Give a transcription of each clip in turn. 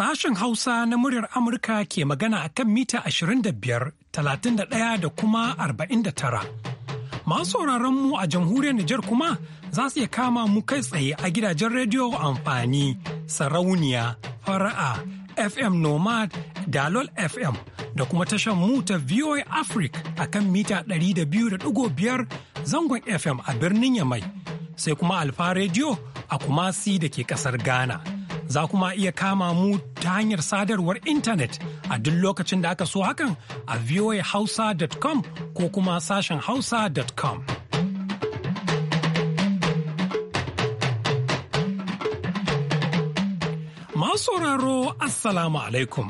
Sashen Hausa na muryar Amurka ke magana a kan mita 25, 31 da kuma 49. Masu sauraron mu a jamhuriyar Nijar kuma za su iya kama mu kai tsaye a gidajen rediyo amfani, sarauniya, fara'a, FM Nomad, Dalol FM da kuma tashar mu ta VOA Africa a kan mita 200.5 zangon FM a birnin Yamai, sai kuma Alfa Radio a Kumasi da ke kasar Ghana. za kuma iya kama mu ta hanyar sadarwar intanet a duk lokacin da aka so hakan a voahausa.com ko kuma sashen hausa.com. sauraro Assalamu alaikum,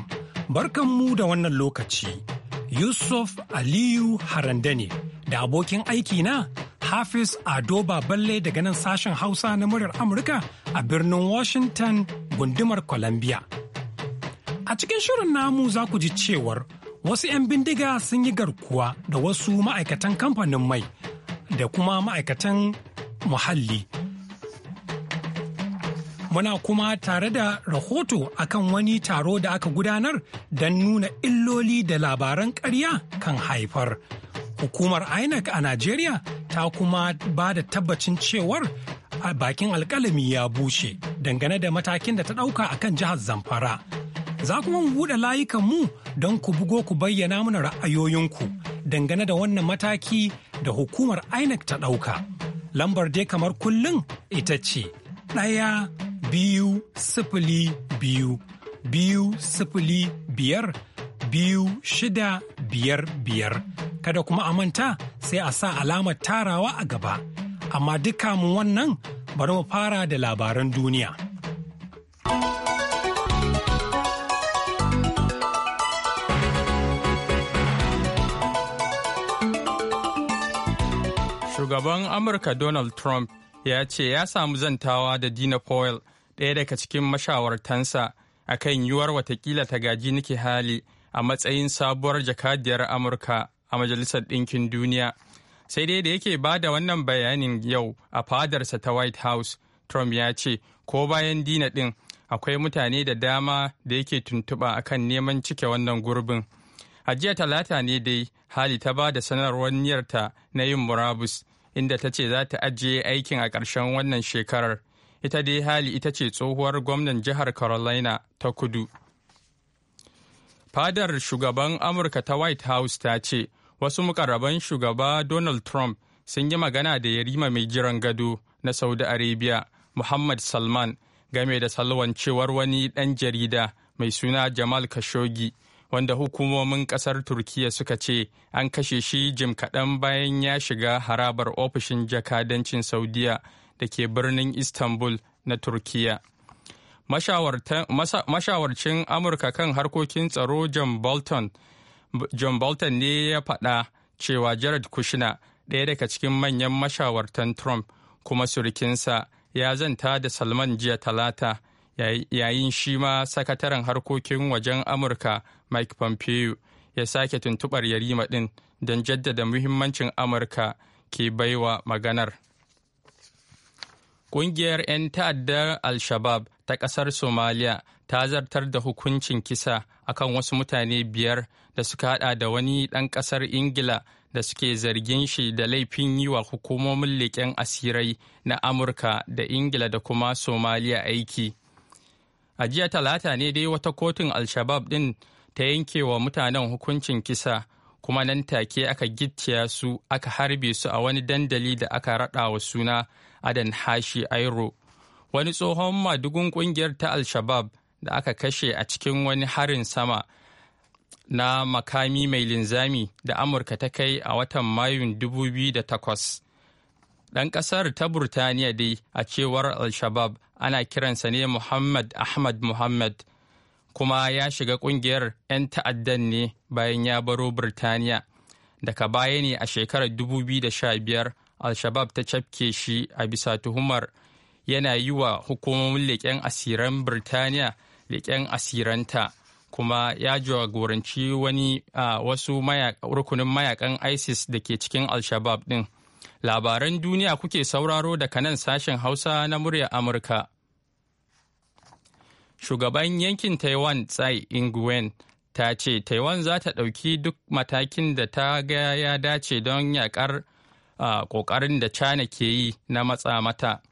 barkanmu da wannan lokaci. Yusuf Aliyu harandani da abokin aiki na? Hafiz Ado Baballe daga nan sashen Hausa na muryar Amurka a birnin Washington gundumar Columbia. A cikin shirin namu za ku ji cewar wasu 'yan bindiga sun yi garkuwa da wasu ma'aikatan kamfanin mai da kuma ma'aikatan muhalli. Muna kuma tare da rahoto akan wani taro da aka gudanar don nuna illoli da labaran karya kan haifar. Hukumar INEC a Najeriya ta kuma ba da tabbacin cewar a bakin alkalami ya bushe dangane da matakin da ta ɗauka a kan jihar Zamfara. Za kuma mu buɗe layukan mu don ku bugo ku bayyana mana ra'ayoyinku dangane da wannan mataki da hukumar INEC ta ɗauka. Lambar dai kamar kullum ita ce ɗaya biyu sifili biyu biyu sifili biyar biyu shida biyar biyar. kada kuma a manta sai a sa alamar tarawa a gaba. Amma duka mu wannan bari mu fara da labaran duniya. Shugaban Amurka Donald Trump ya ce ya samu zantawa da Dina Powell ɗaya daga cikin mashawartansa a kan yiwuwar watakila ta gaji niki hali a matsayin sabuwar jakadiyar Amurka. a Majalisar Ɗinkin Duniya. Sai dai da yake ba da wannan bayanin yau a fadarsa ta White House, Trump ya ce, ko bayan dina ɗin akwai mutane da dama da yake tuntuɓa akan neman cike wannan gurbin. A jiya talata ne dai hali ta ba da sanarwar niyyarta na yin murabus inda ta ce za ta ajiye aikin a ƙarshen wannan shekarar. Ita dai hali ita ce tsohuwar gwamnan jihar Carolina ta kudu. Fadar shugaban Amurka ta White House ta ce wasu mukarraban shugaba donald trump sun yi magana da yarima mai jiran gado na saudi arabia muhammad salman game da salwancewar wani ɗan jarida mai suna jamal khashoggi wanda hukumomin ƙasar turkiya suka ce an kashe shi jim kaɗan bayan ya shiga harabar ofishin jakadancin saudiya da ke birnin istanbul na turkiyya mashawarcin amurka kan harkokin tsaro john bolton john bolton ne ya faɗa cewa jared kushner ɗaya daga cikin manyan mashawartan trump kuma surukinsa ya zanta da salman jiya talata yayin shi ma sakataren harkokin wajen amurka mike pompeo ya sake tuntubar yarima ɗin don jaddada muhimmancin amurka ke baiwa maganar ƙungiyar 'yan ta'addar al-shabab ta ƙasar somalia ta zartar da hukuncin kisa akan wasu mutane biyar da suka hada da wani ɗan ƙasar ingila da suke zargin shi da laifin yi wa hukumomin leƙen asirai na amurka da ingila da kuma somaliya aiki a jiya talata ne dai wata kotun alshabab ɗin ta yanke wa mutanen hukuncin kisa kuma nan take aka gicciya su aka harbe su a wani dandali da aka raɗa wa suna adan hashi airo wani tsohon madugun ƙungiyar ta alshabab da aka kashe a cikin wani harin sama na makami mai linzami da amurka ta kai a watan mayun 2008 ɗan ƙasar ta burtaniya dai a cewar al-shabab ana kiransa ne muhammad ahmad muhammad kuma ya shiga ƙungiyar 'yan ta'addan ne bayan ya baro burtaniya daga baya ne a shekarar 2015 al-shabab ta cafke shi a bisa tuhumar yana yi wa hukumomin leƙen asiran burtaniya leƙen asiranta kuma ya jagoranci wani a wasu rukunin mayakan isis da ke cikin alshabab shabab din labaran duniya kuke sauraro daga nan sashen hausa na murya amurka shugaban yankin taiwan tsai ingwen ta ce taiwan za ta ɗauki duk matakin da ta ga ya dace don yakar kokarin da china ke yi na matsa mata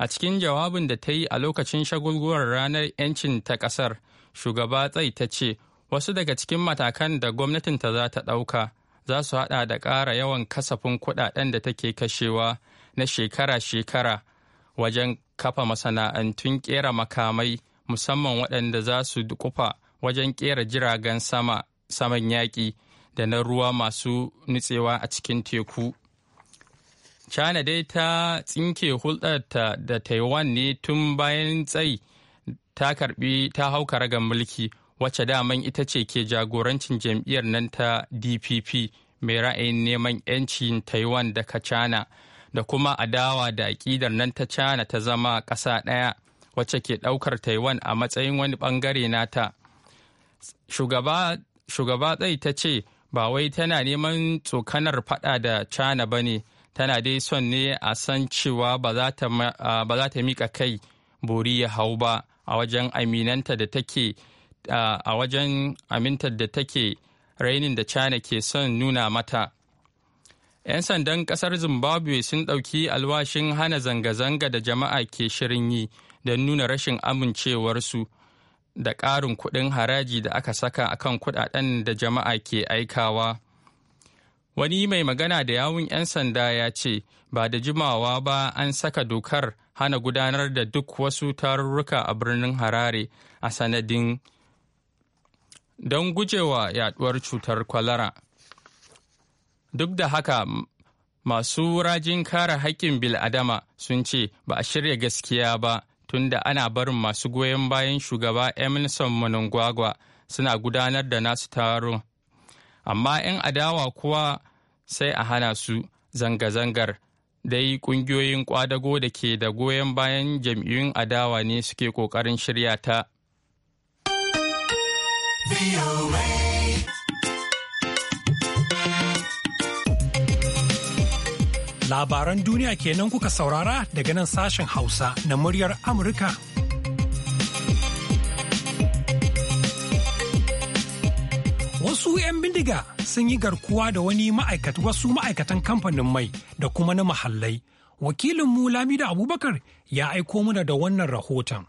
A cikin jawabin da ta yi a lokacin shagulguwar ranar 'yancin ta ƙasar, shugaba tsai ta ce wasu daga cikin matakan da gwamnatin ta za ta ɗauka za su haɗa da ƙara yawan kasafin kuɗaɗen da take kashewa na shekara-shekara wajen kafa masana'antun ƙera makamai musamman waɗanda za su kufa wajen ƙera jiragen sama saman yaƙi da na ruwa masu nutsewa a cikin teku. China dai ta tsinke ta da Taiwan ne tun bayan tsayi ta karbi ta hau karagar mulki wacce daman ita ce ke jagorancin jam'iyyar nan ta DPP mai ra'ayin neman 'yancin Taiwan daga China da kuma adawa da aƙidar nan ta China ta zama ƙasa ɗaya wacce ke ɗaukar Taiwan a matsayin wani ɓangare nata. Shugaba Shugaba tsayi ta ce ba wai tana neman tsokanar faɗa da China ba ne. tana dai son ne a san cewa ba za ta mika kai bori ya hau ba a wajen aminanta da take a wajen amintar da take rainin da china ke son nuna mata 'yan sandan kasar zimbabwe sun ɗauki alwashin hana zanga-zanga da jama'a ke shirin yi don nuna rashin amincewarsu da ƙarin kuɗin haraji da aka saka akan kuɗaɗen da jama'a ke aikawa. Wani mai magana da yawun 'yan sanda ya ce ba da jimawa ba an saka dokar hana gudanar da duk wasu tarurruka a birnin Harare a sanadin don gujewa yaduwar cutar kwalara. Duk da haka masu rajin kare haƙƙin bil'adama sun ce ba a shirya gaskiya ba tunda ana barin masu goyon bayan shugaba Emerson Mnangagwa suna gudanar da nasu taron amma 'yan adawa kuwa sai a hana su zanga-zangar dai ƙungiyoyin ƙwadago da ke da goyon bayan jam'iyyun adawa ne suke ƙoƙarin shirya ta. Labaran duniya kenan kuka saurara daga nan sashen Hausa na muryar Amurka Wasu 'yan bindiga sun yi garkuwa da wani ma'aikat wasu ma'aikatan kamfanin mai da kuma na mahallai. Wakilinmu Lamida Abubakar ya aiko mana da wannan rahoton.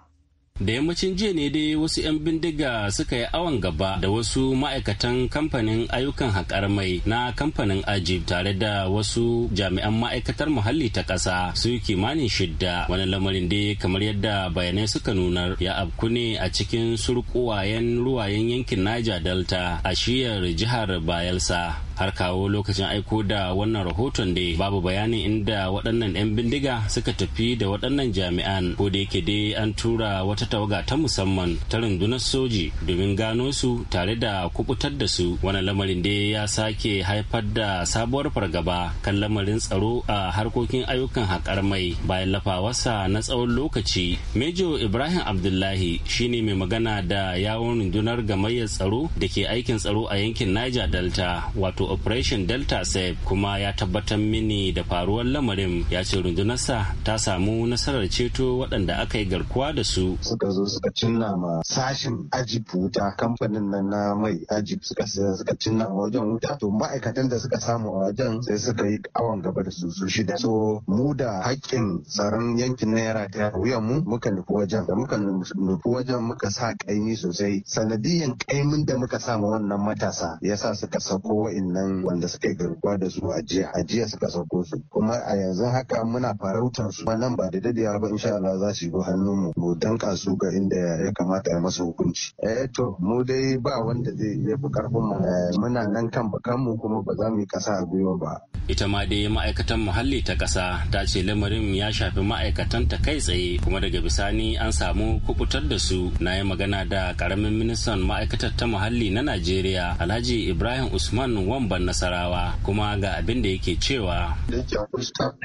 da yammacin jiya ne dai wasu 'yan bindiga suka yi awon gaba da wasu ma'aikatan kamfanin ayyukan haƙar mai na kamfanin aji tare da wasu jami'an ma'aikatar muhalli ta ƙasa su kimanin shidda wani lamarin dai kamar yadda bayanai suka nunar ya abku ne a cikin surkuwayen ruwayen yankin niger delta a shiyar jihar bayelsa har kawo lokacin aiko da wannan rahoton da babu bayani inda waɗannan 'yan bindiga suka tafi da waɗannan jami'an ko da yake dai an tura wata tawaga ta musamman ta rundunar soji domin gano su tare da kubutar da su wannan lamarin dai ya sake haifar da sabuwar fargaba kan lamarin tsaro a harkokin ayyukan haƙar mai bayan lafawarsa na tsawon lokaci mejo ibrahim abdullahi shine mai magana da yawon rundunar gamayyar tsaro da ke aikin tsaro a yankin niger delta wato operation delta save kuma ya tabbatar mini da faruwar lamarin ya ce rundunarsa ta samu nasarar ceto waɗanda aka yi garkuwa da su suka zo suka cinna ma sashin ajib wuta kamfanin nan na mai ajib suka suka cinna ma wajen wuta to ma'aikatan da suka samu a wajen sai suka yi awon gaba da su su shida so mu da haƙƙin tsaron yankin naira ta wuyan mu muka nufi wajen da muka nufi wajen muka sa ƙaimi sosai sanadiyan ƙaimin da muka samu wannan matasa ya sa suka sauko wa'in waɗannan wanda suka yi garkuwa da su a jiya a jiya suka sauko su kuma a yanzu haka muna farautar su nan ba da dadewa ba insha Allah za su yi hannun mu mu danka su ga inda ya kamata a masa hukunci eh to mu dai ba wanda zai iya fi karfin mu eh, muna nan kan bakan mu kuma ba za mu yi kasa a gwiwa ba ita ma dai ma'aikatan muhalli ta ƙasa ta ce lamarin ya shafi ma'aikatan ta kai tsaye kuma daga bisani an samu kubutar da su na yi magana da ƙaramin ministan ma'aikatar ta muhalli na najeriya alhaji ibrahim usman wamban nasarawa kuma ga abin da yake cewa da yake akwai staff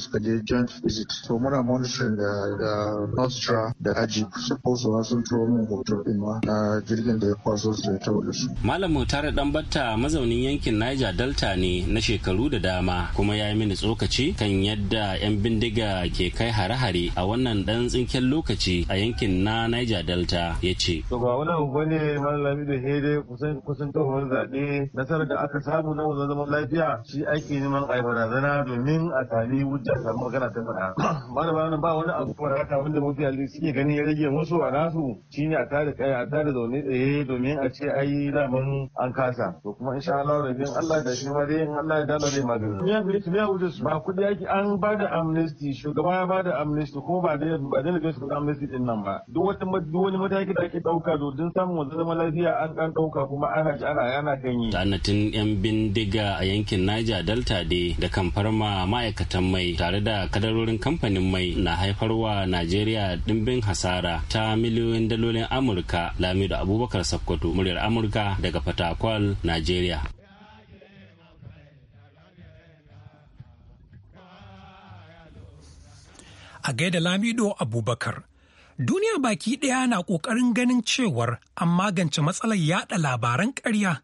suka je joint visit so muna monitoring da da da aji suppose wa sun turo min hoto din ma na jirgin da ya kwaso su ya taɓa su malam mutare dan batta mazaunin yankin niger delta ne na shekaru da dama kuma ya yi mini tsokaci kan yadda 'yan bindiga ke kai hare-hare a wannan dan tsinken lokaci a yankin na Niger Delta ya ce. To ba wani abu bane malami da hede kusan kusan tsohon zaɓe nasarar da aka samu na wanzan zaman lafiya shi ake neman a barazana domin a sami wuce samu magana ta faɗa. Ba da bayan ba wani abu kamar haka wanda mafi alli suke gani ya rage musu a nasu Shi ne a tare kaya a tare zaune tsaye domin a ce ai daman an kasa. To kuma insha Allah rabin Allah da shi ma dai in Allah ya dana magana. ba kuɗi yaki an ba da amnesty shugaba ya ba da amnesty kuma ba da ba da su amnesty din nan ba. Duk wata duk wani mataki da ake ɗauka don samun wanzu zama lafiya an ɗan ɗauka kuma an haji ana yana ganye. Tanatin 'yan bindiga a yankin Niger Delta dai da kan farma ma'aikatan mai tare da kadarorin kamfanin mai na haifarwa Najeriya dimbin hasara ta miliyoyin dalolin Amurka Lamido Abubakar Sakkwato muryar Amurka daga Fatakwal, Najeriya. a gaida Lamido Abubakar. Duniya baki ɗaya na ƙoƙarin ganin cewar an magance matsalar yaɗa labaran ƙarya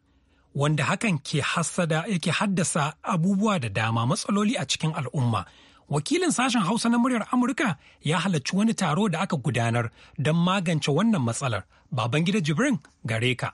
wanda hakan ke hassada yake haddasa abubuwa da dama matsaloli a cikin al'umma. Wakilin sashen Hausa na muryar Amurka ya halarci wani taro da aka gudanar don magance wannan matsalar. Babangida Jibrin gare ka.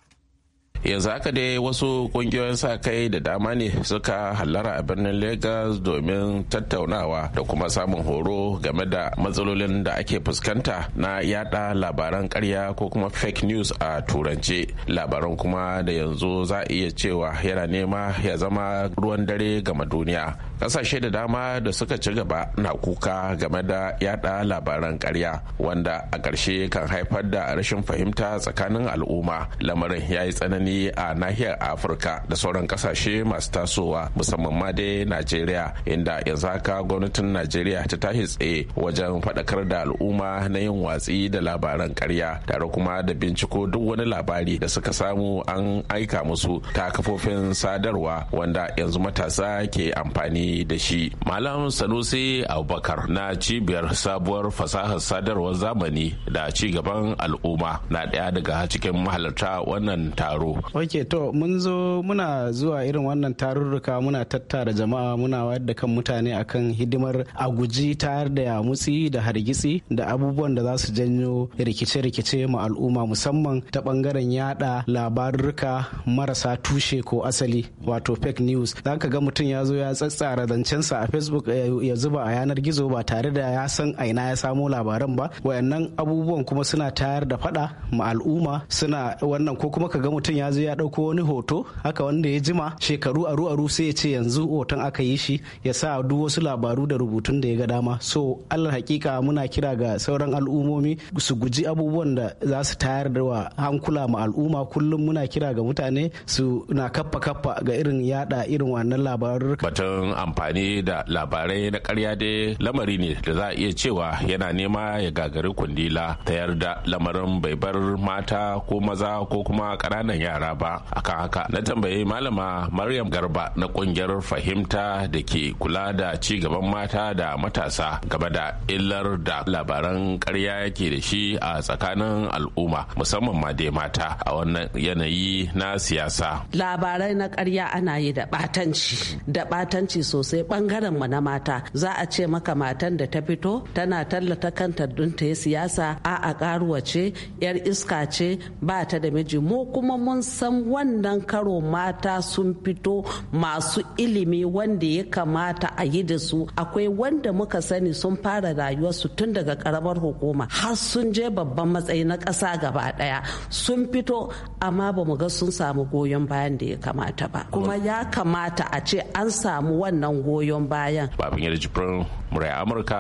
yanzu haka dai wasu kungiyoyin sa kai da dama ne suka hallara a birnin lagos domin tattaunawa da kuma samun horo game da matsalolin da ake fuskanta na yada labaran karya ko kuma fake news a turance labaran kuma da yanzu za a iya cewa yana nema ya zama ruwan dare gama duniya kasashe da dama da suka ci gaba na kuka game da yada labaran karya wanda a ƙarshe kan haifar da rashin fahimta tsakanin al'umma lamarin ya yi tsanani a nahiyar afirka da sauran kasashe masu tasowa musamman ma dai najeriya inda yanzu haka gwamnatin najeriya ta tashi tsaye wajen faɗakar da al'umma na yin watsi da labaran karya tare kuma da binciko duk wani labari da suka samu an aika musu ta kafofin sadarwa wanda yanzu matasa ke amfani da shi malam sanusi abubakar na cibiyar sabuwar fasahar sadarwar zamani da ci gaban al'umma na ɗaya daga cikin mahalarta wannan taro ok to mun zo muna zuwa irin wannan tarurruka muna tattara jama'a muna wayar da kan mutane akan hidimar a guji tayar da yamutsi da hargitsi da abubuwan da za su janyo rikice-rikice ma al'umma musamman ta bangaren yada labarurruka marasa tushe ko asali wato fake news za ka ga mutum ya zo ya tsatsara zancensa a facebook eh, ya zuba a yanar gizo ba tare da ya san aina ya samo labaran ba wayannan abubuwan kuma suna tayar da fada ma al'umma suna wannan ko kuma ka ga mutum ya zo ya ɗauko wani hoto haka wanda ya jima shekaru aru aru sai ya ce yanzu hoton aka yi shi ya sa duk wasu labaru da rubutun da ya ga dama so allah hakika muna kira ga sauran al'ummomi su guji abubuwan da za su tayar da wa hankula ma al'umma kullum muna kira ga mutane su na kappa kappa ga irin yada irin wannan labarun batun amfani da labarai na karya dai lamari ne da za a iya cewa yana nema ya gagari kundila ta yarda lamarin bai bar mata ko maza ko kuma ƙananan yara yara ba akan haka na tambayi malama maryam garba na kungiyar fahimta da ke kula da ci gaban mata da matasa game da illar da labaran karya yake da shi a tsakanin al'umma musamman ma dai mata a wannan yanayi na siyasa labarai na karya ana yi da batanci da batanci sosai bangaren mu na mata za a ce maka matan da ta fito tana tallata kanta don ta yi siyasa a a karuwa ce yar iska ce ba ta da miji mu kuma mun san wannan karo mata sun fito masu ilimi wanda ya kamata a yi da su akwai wanda muka sani sun fara rayuwarsu tun daga karamar hukuma har sun je babban matsayi na ƙasa gaba ɗaya sun fito amma ba ga sun samu goyon bayan da ya kamata ba kuma ya kamata a ce an samu wannan goyon bayan babin yadda jibrin murai amurka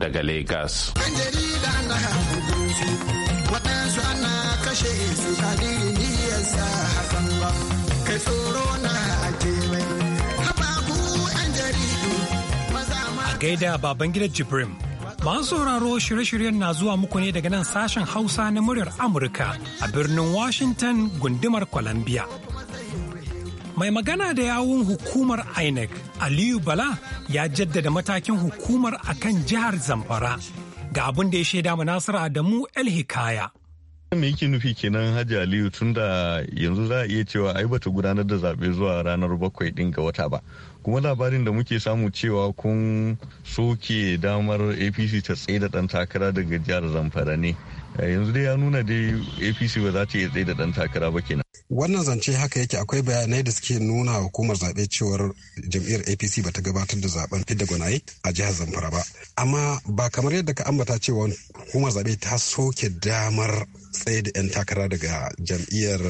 daga lagos waɗansu ana kashe su gaida baban gidan Jibrim. Masu sauraro shirye-shiryen na zuwa muku ne daga nan sashen Hausa na muryar Amurka a birnin Washington gundumar Columbia. Mai magana da yawun hukumar INEC, Aliyu Bala ya jaddada matakin hukumar akan jihar Zamfara. Ga abin da ya shaida mu Nasiru Adamu El Hikaya. me yake nufi kenan hajji aliyu tunda yanzu za a iya cewa ai bata gudanar da zaɓe zuwa ranar bakwai ɗin ga wata ba kuma labarin da muke samu cewa kun soke damar apc ta tsaye da ɗan takara daga jihar zamfara ne eh, yanzu dai ya nuna dai apc ba za ta iya tsaye da ɗan takara ba kenan wannan zance haka yake akwai bayanai da suke nuna hukumar zaɓe cewar jam'iyyar apc ba ta gabatar da zaben fidda gwanaye a jihar zamfara ba amma ba kamar yadda ka ambata cewa hukumar zaɓe ta soke damar tsaye da 'yan takara daga jam'iyyar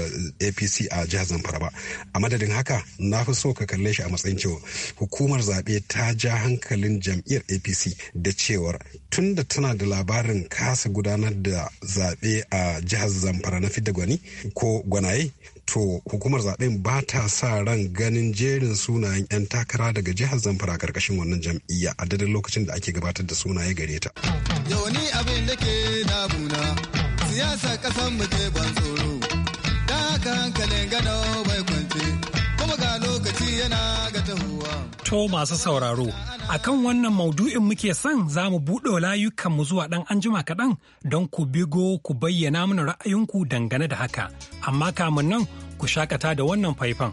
apc a jihar zamfara ba a madadin haka na fi so ka kalle shi a matsayin cewa hukumar zaɓe ta ja hankalin jam'iyyar apc da cewar tunda tana da labarin kasa gudanar da zaɓe a jihar zamfara na fidda gwani ko gwanaye to hukumar zaben ba ta sa ran ganin jerin sunayen 'yan takara daga jihar zamfara karkashin wannan jam'iyya a daidai lokacin da ake gabatar da sunaye gare ta yawani abin da ke damuna siyasa kasan mu ke ban tsoro da haka hankalin gano bai kwance kuma ga lokaci yana ga tahuwa to masu sauraro akan wannan maudu'in muke son za mu buɗe mu zuwa ɗan anjima kaɗan don ku bigo ku bayyana mana ra'ayinku dangane da haka amma kamun nan ku shakata da wannan faifan.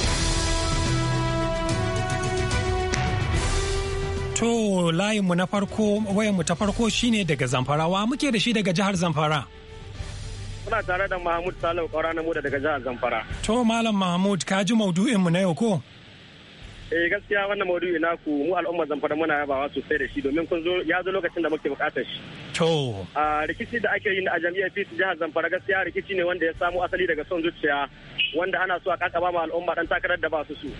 To layinmu na farko wayanmu ta farko shine daga Zamfarawa muke da shi daga jihar Zamfara. Muna tare da Mahmud Salau Kaura na Muda daga jihar Zamfara. To Malam Mahmud ka ji maudu'inmu na yau ko? Eh gaskiya wannan maudu'i ku mu al'ummar Zamfara muna yabawa sosai da shi domin kun zo ya zo lokacin da muke bukatar shi. To. A rikici da ake yi a jami'ar fis jihar Zamfara gaskiya rikici ne wanda ya samu asali daga son zuciya wanda ana so a kakaba ma al'umma dan takarar da ba su su.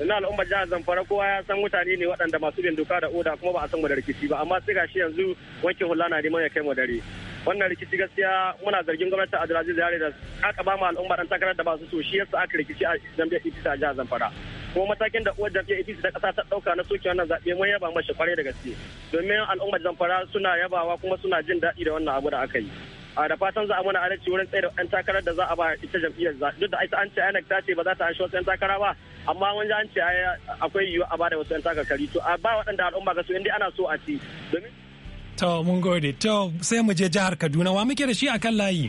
Ina al'ummar jihar Zamfara kowa ya san mutane ne waɗanda masu bin doka da oda kuma ba a san mu da rikici ba amma sai gashi yanzu wanke hula na neman ya kai mu dare. Wannan rikici gaskiya muna zargin gwamnati Abdulaziz Yare da aka ba mu al'umma dan takarar da ba su so shi yasa aka rikici a jam'iyyar APC a jihar Zamfara. Kuma matakin da uwar jam'iyyar APC ta ƙasa ta ɗauka na soke wannan zaɓe mun yaba mashi kwarai da gaske. Domin al'ummar Zamfara suna yabawa kuma suna jin daɗi da wannan abu da aka yi. a da fatan za a muna adalci wurin tsaye da ɗan takarar da za a ba ita jam'iyyar za duk da ita an ce ta ce ba za ta anshi wasu ɗan takara ba amma wani an ce akwai yiwu a bada wasu 'yan takakari to a ba waɗanda al'umma ga su inda ana so a ci domin to mun gode to sai mu je jihar kaduna wa muke da shi akan layi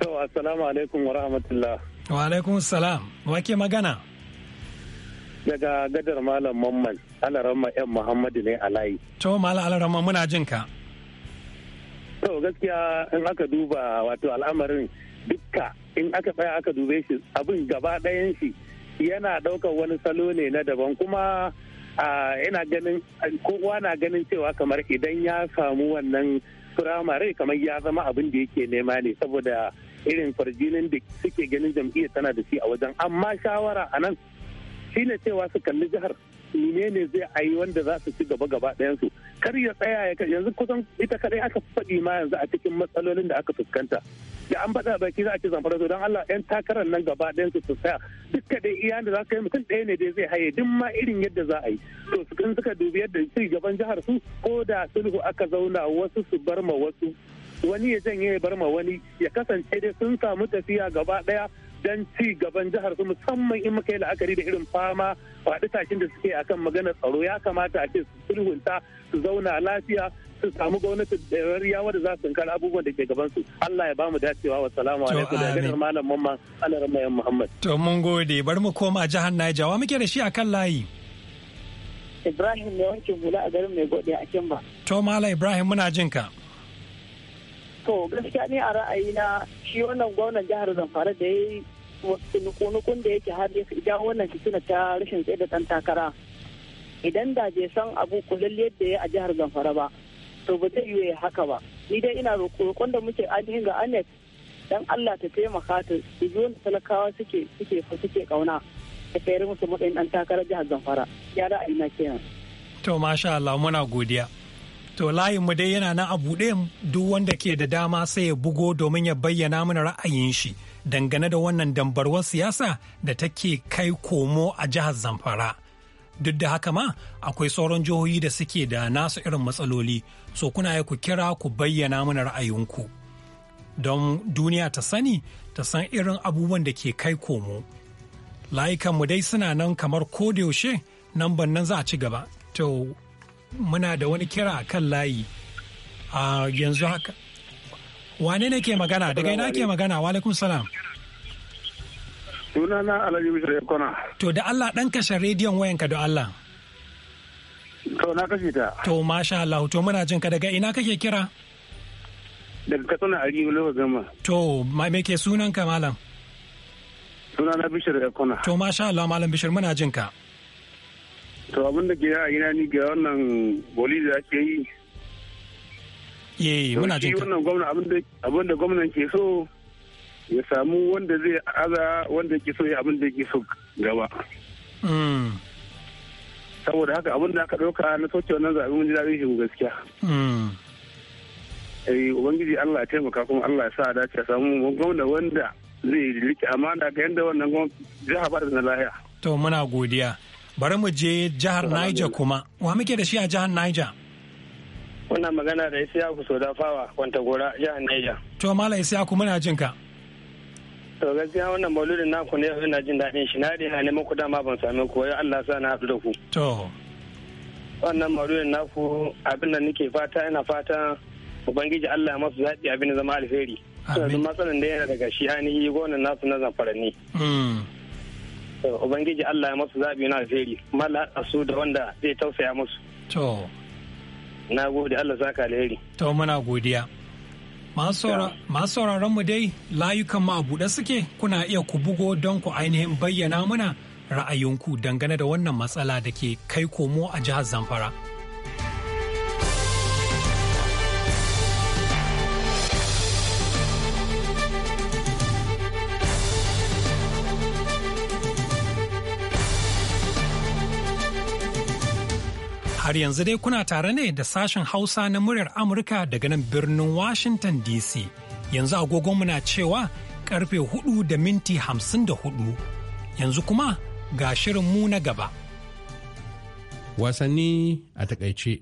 to assalamu alaikum wa rahmatullah wa alaikum salam wa ke magana daga gadar malam mamman alarama yan muhammadu ne a layi to malam alarama muna jin ka to gaskiya in aka duba wato al'amarin dukka in aka tsaya aka dube shi abin gaba ɗayan shi yana ɗaukar wani salo ne na daban kuma ina ganin kowa na ganin cewa kamar idan ya samu wannan firamare kamar ya zama abin da yake nema ne saboda irin farjinin da suke ganin jam'iyyar tana da shi a wajen amma shawara a nan ne cewa su kalli jihar ne ne zai ayi wanda za su ci gaba gaba ɗayansu kar ya tsaya yanzu kusan ita kadai aka faɗi ma yanzu a cikin matsalolin da aka fuskanta da an faɗa baki za a ci zamfara don Allah yan takarar nan gaba ɗayan su su saya duka da iya da za ka yi mutum ɗaya ne dai zai haye duk ma irin yadda za a yi to su kan suka dubi yadda ci gaban jihar su ko da sulhu aka zauna wasu su bar ma wasu wani ya janye ya bar ma wani ya kasance dai sun samu tafiya gaba ɗaya dan ci gaban jihar su musamman in muka yi la'akari da irin fama faɗi tashin da suke akan magana tsaro ya kamata a ce su sulhunta su zauna lafiya sun samu gwamnati da yawar da za su kara abubuwan da ke gaban su Allah ya bamu dacewa wa salamu alaikum da ganin malam mamma ana ramayan Muhammad to mun gode bari mu koma jihar Niger wa muke da shi akan layi Ibrahim ne wankin hula a garin mai gode a Kimba to mala Ibrahim muna jin ka to gaskiya ne a ra'ayina shi wannan gwamnan jihar Zamfara da yayi nukunukun da yake har ya jawo wannan suna ta rashin tsaye da ɗan takara idan da bai san abu kullum yadda ya a jihar Zamfara ba to ba zai yi haka ba ni dai ina roƙon da muke ainihin ga anet dan Allah ta taimaka ta ji talakawa suke suke suke kauna ta tsayar musu matsayin dan takarar jihar Zamfara ya da na kenan to masha Allah muna godiya to layin mu dai yana nan a buɗe duk wanda ke da dama sai ya bugo domin ya bayyana mana ra'ayin shi dangane da wannan dambarwar siyasa da take kai komo a jihar Zamfara duk da haka ma akwai sauran jihohi da suke da nasu irin matsaloli so kuna ya ku kira ku bayyana mana ra'ayinku don duniya ta sani ta san irin abubuwan da ke kai komo mu dai suna nan kamar kodayaushe nan nan za a ci gaba to muna da wani kira a kan layi a yanzu haka wane ne ke magana daga ina ke magana wa alaikum salam Sunana Alhaji Bishir kona To da Allah ɗan kashe rediyon wayanka da Allah. To na kashe ta. To masha Allah to muna jin ka daga ina kake kira? Daga Katsina a Riyo Lewa Gama. To me ke sunan ka malam? Sunana Bishir kona To masha Allah malam Bishir muna jin ka. To abin da ke a ina ni ga wannan boli da ake yi. Ye muna jin ka. Wannan gwamna abin da gwamnan ke so ya samu wanda zai aza wanda ke so ya abin da ke so gaba hmm. saboda haka abin da aka ɗauka na soke wannan zaɓe mun ji daɗin shi gaskiya hmm. eh ubangiji Allah ya taimaka kuma Allah ya sa dace a samu gwamna wanda zai riƙe amana ga yadda wannan jiha ba da na lahiya to muna godiya bari mu je jihar Niger kuma wa muke da shi a jihar Niger Muna magana da Isiyaku Sodafawa, Kwantagora, jihar Niger. To Mala Isiyaku muna jin ka. to gaskiya wannan mauludin naku ne ina jin daɗin shi na da ina neman ku dama ban same ku wai Allah sa na haɗu da ku to wannan mauludin naku abin da nake fata ina fata ubangiji Allah ya masu zaɓi abin zama alheri yanzu matsalan da yana daga shi ainihi gonan nasu na zamfaranni mm. ubangiji Allah ya masu zaɓi na alheri mala su da wanda zai tausaya musu to na gode Allah saka alheri to muna godiya Masu sauraron mu dai layukan ma buɗe suke kuna iya ku bugo don ku ainihin bayyana mana ra'ayinku dangane da wannan matsala da ke kai komo a jihar Zamfara. Har yanzu dai kuna tare ne da sashen Hausa na muryar Amurka daga nan birnin Washington DC. Yanzu agogonmu na cewa karfe hudu da minti hamsin da hudu. Yanzu kuma ga shirin mu na gaba. Wasanni a takaice.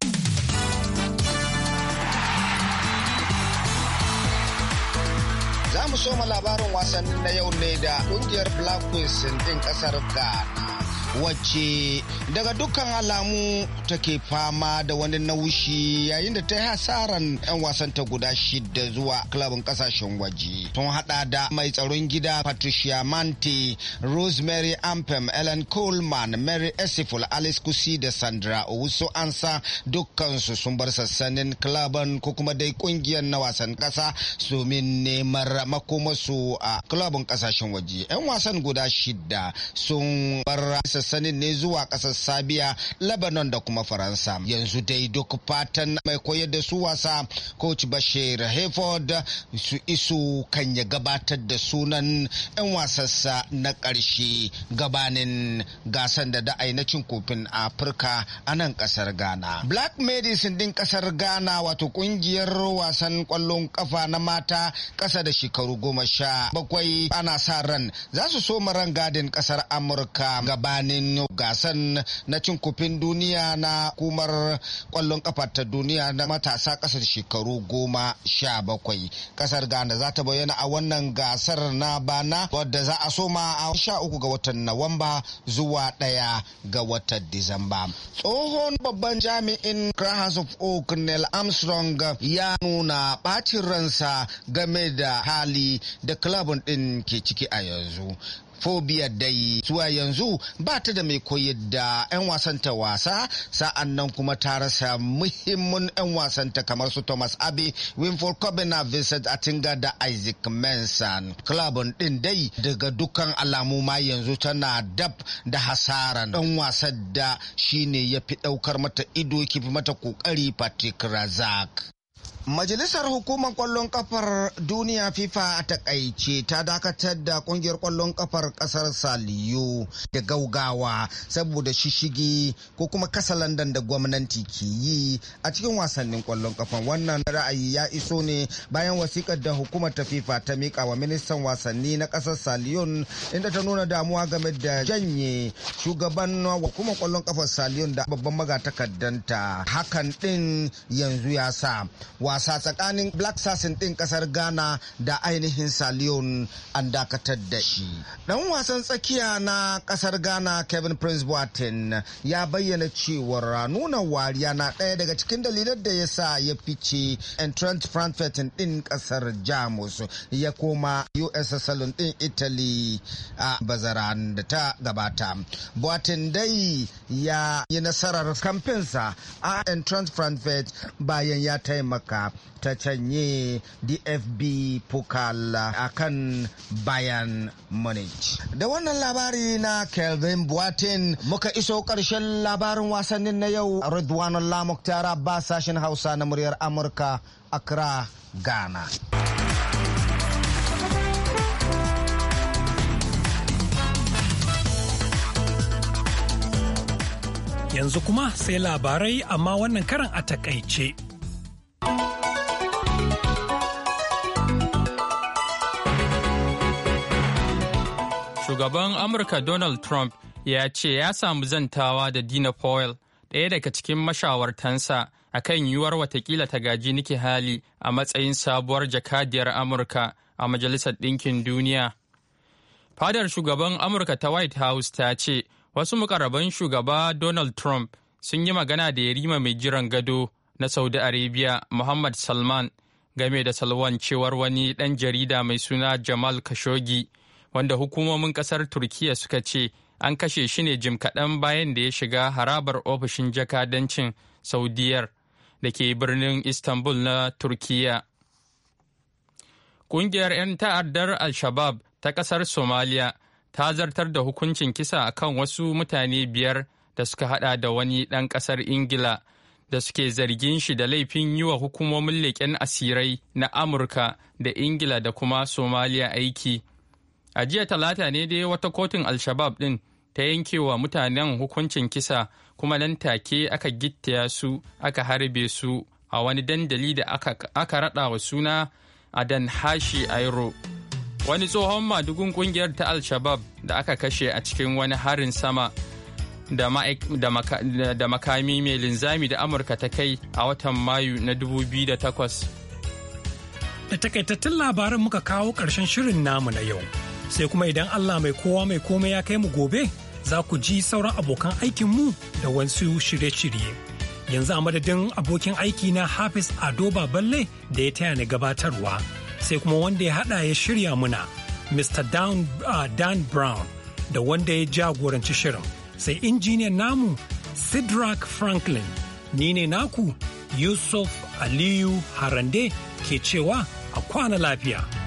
Za mu soma labarin wasannin na yau ne da ƙungiyar Black Queens din ƙasar Ghana. wacce daga dukkan alamu take fama da wani naushi yayin da ta yi hasaran 'yan wasanta guda shida zuwa klabin kasashen waje sun hada da mai tsaron gida patricia manti rosemary ampem ellen coleman mary esiful alice kusi da sandra owusu ansa dukkansu sun bar sassanin klabin ko kuma dai kungiyar na wasan kasa domin neman makomasu a klabin kasashen waje 'yan wasan guda shida sun bar sanin ne zuwa ƙasar sabiya lebanon da kuma faransa yanzu dai duk fatan mai koyar da su wasa coach bashir hayford su isu kan ya gabatar da sunan 'yan wasassa na ƙarshe gabanin gasan da da na cin kofin afirka a nan ƙasar ghana black medicine din ƙasar ghana wato ƙungiyar wasan ƙwallon ƙafa na mata ƙasa da shekaru goma sha bakwai ana sa ran za su so ran gadin ƙasar amurka gabanin birnin gasan na cin kufin duniya na kumar kwallon kafa ta duniya na matasa kasar shekaru goma sha bakwai kasar ghana za ta bayyana a wannan gasar na bana wadda za a soma a sha uku ga watan nawamba zuwa daya ga watan disamba tsohon babban jami'in House of Oak Neil Armstrong ya nuna ɓacin ransa game da hali da club ɗin ke ciki a yanzu fobia dai zuwa yanzu ba ta da mai koyar da 'yan wasanta wasa sa'an nan kuma ta rasa muhimmin 'yan wasanta kamar su thomas abe winford cobbina vincent atinga da isaac manson club din dai daga dukkan alamu ma yanzu tana dab da hasaran dan wasan da shine ya fi daukar mata ido ki mata kokari patrick razak Majalisar Hukumar Kwallon Kafar Duniya FIFA a takaice ta dakatar da kungiyar kwallon kafar kasar Saliyo da gaugawa saboda shishigi ko kuma kasalandan da gwamnati ke yi a cikin wasannin kwallon kafar. Wannan ra'ayi ya iso ne bayan wasikar da hukumar ta FIFA ta mika wa ministan wasanni na kasar Saliyon inda ta nuna damuwa game da janye shugaban hukumar kwallon kafar Saliyon da babban magatakardanta ta hakan din yanzu ya sa wasa tsakanin Black sassin ɗin kasar Ghana da ainihin Saliyon an dakatar da shi. dan wasan tsakiya na kasar Ghana Kevin Prince Boateng ya bayyana cewar nuna wariya na ɗaya daga cikin dalilan da ya sa ya fice Entrant Frankfurt ɗin kasar Jamus ya koma u.s. salon ɗin Italy a bazaran da ta gabata. Boateng dai ya yi nasarar kamfinsa a Entrant Frankfurt bayan ya taimaka ta canye dfb pokal a kan bayan munich da wannan labari na kelvin buatin muka iso ƙarshen labarin wasannin na yau ridwan lamuk tara ba sashen hausa na muryar amurka accra ghana yanzu kuma sai labarai amma wannan karan a takaice. shugaban amurka donald trump ya ce ya samu zantawa da dina powell ɗaya daga cikin mashawartansa a kan yiwuwar watakila ta gaji niki hali a matsayin sabuwar jakadiyar amurka a majalisar ɗinkin duniya fadar shugaban amurka ta white house ta ce wasu mukarraban shugaba donald trump sun yi magana da yarima mai jiran gado na saudi arabia muhammad salman game da salwan cewar wani ɗan jarida mai suna jamal khashoggi wanda hukumomin kasar turkiya suka ce an kashe shi ne jim kaɗan bayan da ya shiga harabar ofishin jakadancin saudiyar da ke birnin istanbul na turkiya ƙungiyar 'yan ta'addar al-shabab ta ƙasar somaliya ta zartar da hukuncin kisa a kan wasu mutane biyar da suka hada da wani ɗan ƙasar ingila da suke zargin shi da laifin yi wa hukumomin leƙen asirai na amurka da ingila da kuma somaliya aiki A jiya talata ne dai wata kotun Alshabab ɗin ta yanke wa mutanen hukuncin kisa kuma nan take aka gittaya su aka harbe su a wani dandali da aka raɗa wa suna Adan Hashi Airo. Wani tsohon madugun kungiyar ta Alshabab da aka kashe a cikin wani harin sama da makami mai linzami da Amurka ta kai a watan Mayu na 2008. Da takaitattun labaran muka kawo ƙarshen shirin namu na yau. sai kuma idan Allah mai kowa mai komai ya kai mu gobe za ku ji sauran abokan aikinmu da wasu shirye-shirye. Yanzu a madadin abokin aiki na Hafiz Ado Baballe da ya taya ni gabatarwa sai kuma wanda ya haɗa ya shirya muna Mr. Dan, uh, Dan Brown da wanda ya jagoranci shirin sai injiniyan namu Sidrak Franklin ni ne naku Yusuf Aliyu Harande ke cewa a kwana lafiya.